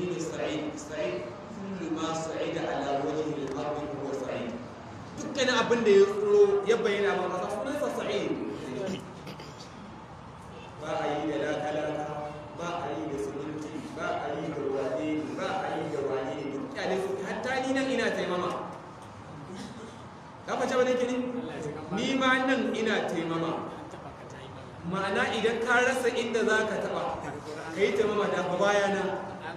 shine sa'id sa'id كل ما على وجه الارض هو دكنا ابن abin da ya tsoro ya bayyana ma masa sunan لا sa'id ba a yi da lakalaka ba a yi da suminti ba a yi da wane ba a yi da nan taimama kini ni ma nan ina taimama ma'ana idan ka rasa inda za ka taba ka yi taimama da nan.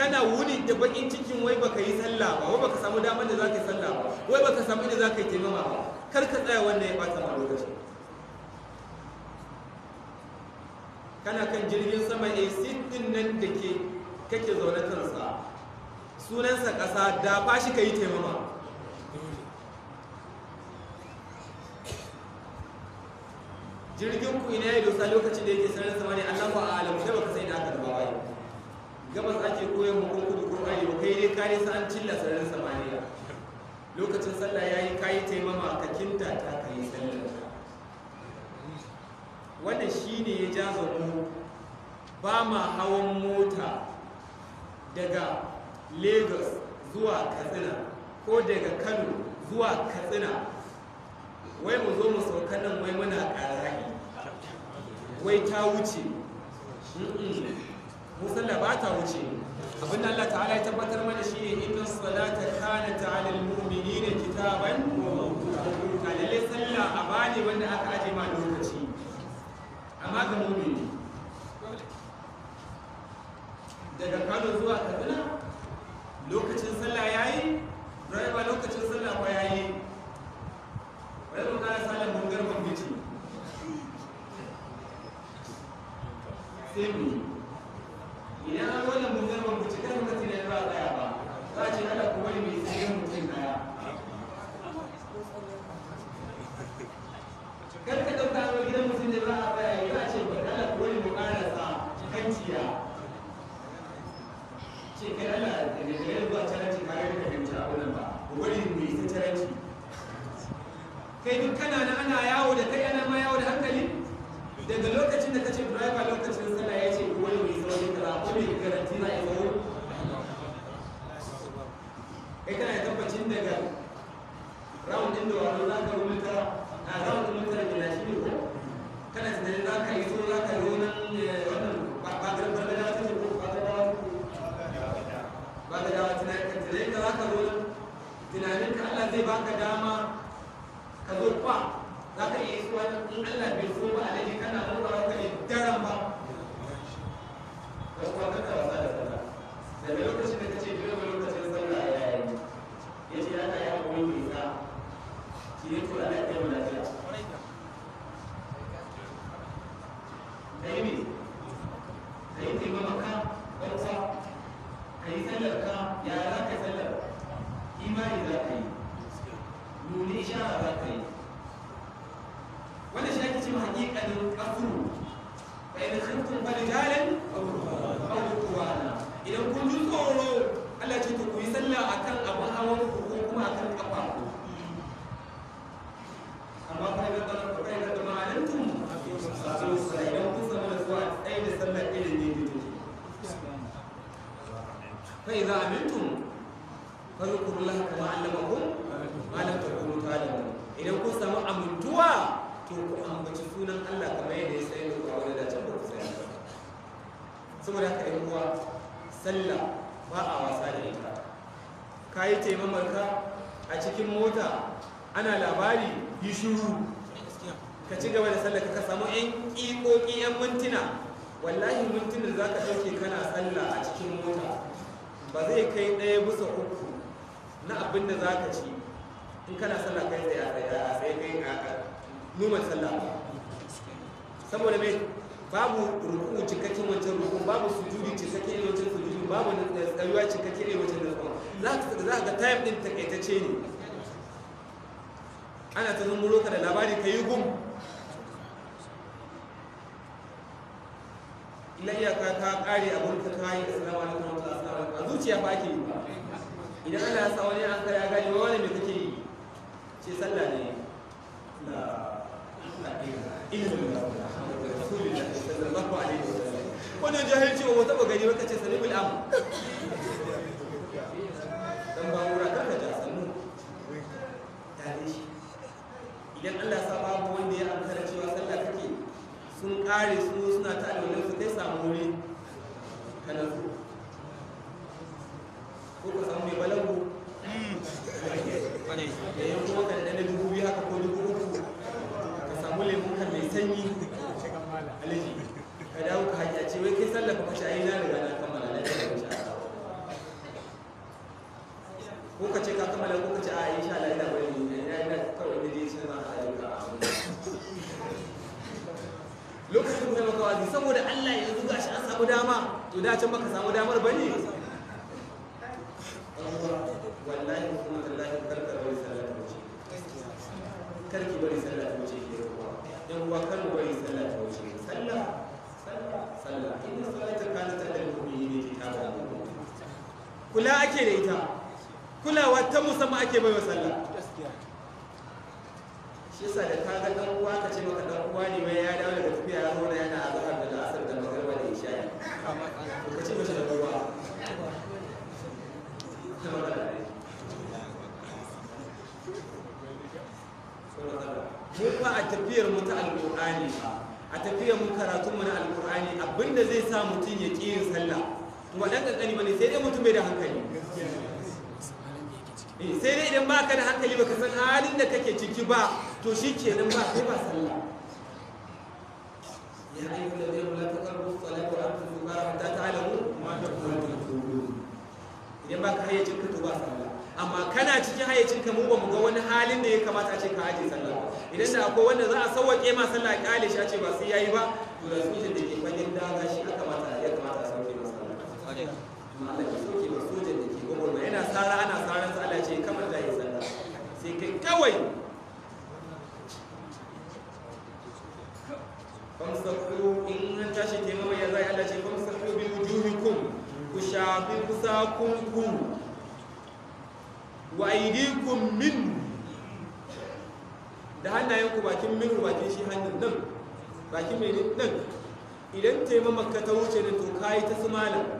kana wuni da bakin cikin wai baka yi sallah ba wai baka samu damar da zaka yi sallah ba wai baka samu inda zaka yi taimama ba kar ka tsaya wannan ya bata ma lokaci kana kan jirgin sama a sittin nan da ke kake zaune kansa sunansa ƙasa da ba shi ka yi taimama jirgin ku ina ya dosa lokacin da yake sanar sama ne allahu alamu, sai baka sai da aka da bawaye gabas ake koyon mu ko kudu ko arewa kai dai ka nisa an cilla sararin samaniya lokacin sallah ya yi kayi taimama ka kinta ta ka yi sallar Wanda shi ne ya ja zaune ba ma hawan mota daga lagos zuwa katsina ko daga kano zuwa katsina wai mu zo mu sauka nan wai muna ƙarari wai ta wuce ba ta wuce abinda Allah ta'ala ya tabbatar mana shi ne inna salata kana ta'ala al-mu'minina kitaban mawquta lalle sallah abani wanda aka aje ma lokaci amma ga mu'mini daga Kano zuwa Kaduna da a baya ce ba ce kai Allah da ne da yalwa fahimci abunan ba wani kai duk kana na ana yawo da kai ana ma yawo da hankali daga lokacin da ce driver lokacin sallah ya ce wani mu isa ko me garanti za a yi kai kana tabbacin daga round da wani za ka tunanin ka Allah zai baka dama ka zo kwa za ka iya zuwa in Allah bai so ba alaji kana mura ka ne daren ba da kuma ka ka wasa da sallah daga lokacin da kace dole ba lokacin sallah ya yi yace Allah ya koyi ka shi ne to Allah ya ta lafiya يتم حقيقة القصر فإن خفتم فرجالا أو ركوانا إذا تقولوا yi sallah kuma akan da ma'alantum da zuwa amintuwa to ku ambaci sunan Allah kamar yadda ya tsaye da ku a wani da can ku ka. saboda haka yan uwa sallah ba a wasa da ita ka yi taimamarka a cikin mota ana labari yi shuru ka ci gaba da sallah ka samu yan ƙiƙoƙi yan mintuna wallahi mintunan za ka ɗauke kana sallah a cikin mota ba zai kai ɗaya bisa uku na abin da za ka ci in kana sallah kai tsaye a tsaye kai numan sallah saboda mai babu ruku cikakken wancan ruku babu sujudi cikakken ne wancan sujudi babu tsayuwa cikakken ne wancan ruku za ka ga time din takaitacce ne ana ta zumburo ka da labari ka yi gum ila iyaka ka kare abin ka kayi na kuma wa rahmatullahi a zuciya fa ke yi idan ana sa wani an kare gani wani mai kake yi ce sallah ne na ilimin rasulullah sallallahu alaihi wasallam wannan jahilci ba da taba gani ba kace salimul am lokacin kusa maka wazi saboda Allah ya yanzu shi an samu dama to da can baka samu damar bane wallahi kuma wallahi karkar bari sallah ta wuce karki bari sallah ta wuce ke ruwa yan uwa kan bari sallah ta wuce sallah sallah sallah inna salata kana ta da yi ne kitaba kula ake da ita kulawa ta musamman ake baiwa sallah gaskiya shi yasa da ka ga dan uwa ka ce maka dan uwa ne mai ya dawo daga tafiya ya zauna yana azhar da asar da magriba da isha to ka ce mace da uwa mu ba a tafiyar mu ta alqur'ani ba a tafiyar mu karatu mu na alqur'ani abinda zai sa mutum ya ƙi yin sallah to wadan kankani bane sai dai mutum bai da hankali Eh, sai dai idan baka da hankali baka san halin da kake ciki ba to shi ke nan ba kai ba sallah ya ayyuhal ladina ta taqrabu salata wa antum sukara hatta ta'lamu ma taqulun idan baka hayyacin ka to ba sallah amma kana cikin hayyacin ka mu ba mu ga wani halin da ya kamata a ce ka aje sallah idan da akwai wanda za a sauke ma sallah kale shi a ce ba sai yayi ba to da su da ke da daga shi aka mata ya kamata a sauke masa sallah Allah ki soke mu sojan da ke gwagwarmaya yana tsara ana tsaran sa Allah ce kamar da ya sallah sai kai kawai famsaku in an tashi ke taimama ya zai Allah ce famsaku bi wujuhikum ku shafi fusakun ku wa aydikum min da hannayen ku bakin min bakin shi hannun nan bakin mai nan idan taimama ka ta wuce da to kayi ta su malam.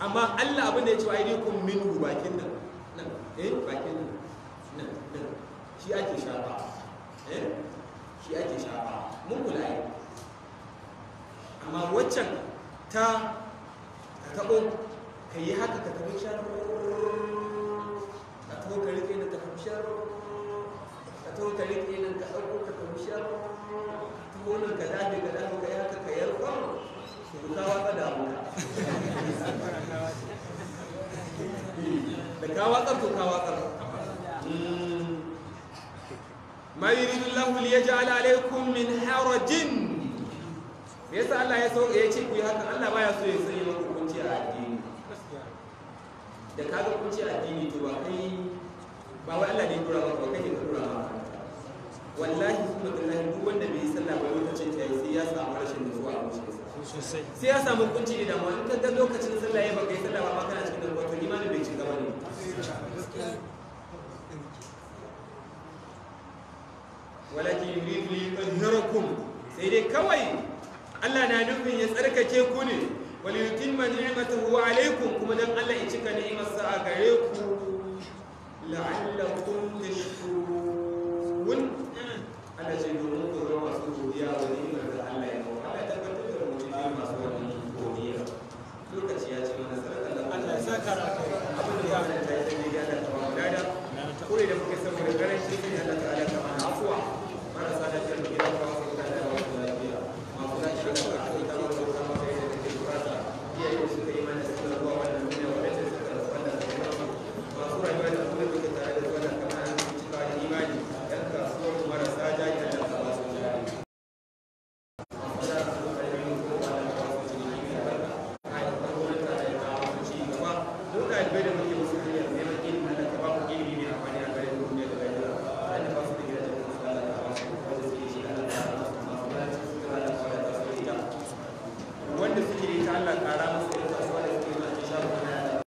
amma Allah abin da ya ce wa aidikum minhu bakin nan nan eh bakin nan nan shi ake shafa eh shi ake shafa mun kula yi amma waccan ta taɓo ka yi haka ka taɓi sharo ka taɓo ka rike nan ka taɓi sharo ka taɓo ka rike nan ka ɗauko ka taɓi sharo ka taɓo nan ka dafe ka dafe ka yi haka ka yarfa ka watsa da abu da ka watsar to ka ma yuridu alaykum min harajin yasa Allah ya so ya ce ku yi haka Allah baya so ya sanya muku kunci a addini da ga kunci a addini to ba kai ba wai Allah ne ya dora maka kai ne ka dora maka wallahi kuma billahi duk wanda bai yi sallah ba lokacin ta yi sai ya samu rashin nutsuwa a cikin sosai sai ya samu kunci da damuwa in ka lokacin sallah ya baka yi sallah ba kana cikin damuwa to imanin bai ci gaba ne walakin yuridu li yuzhirakum sai dai kawai Allah na nufin ya tsarkake ku ne wal yutimma ni'matahu alaykum kuma dan Allah ya cika ni'imarsa a gare ku la'allakum tashkurun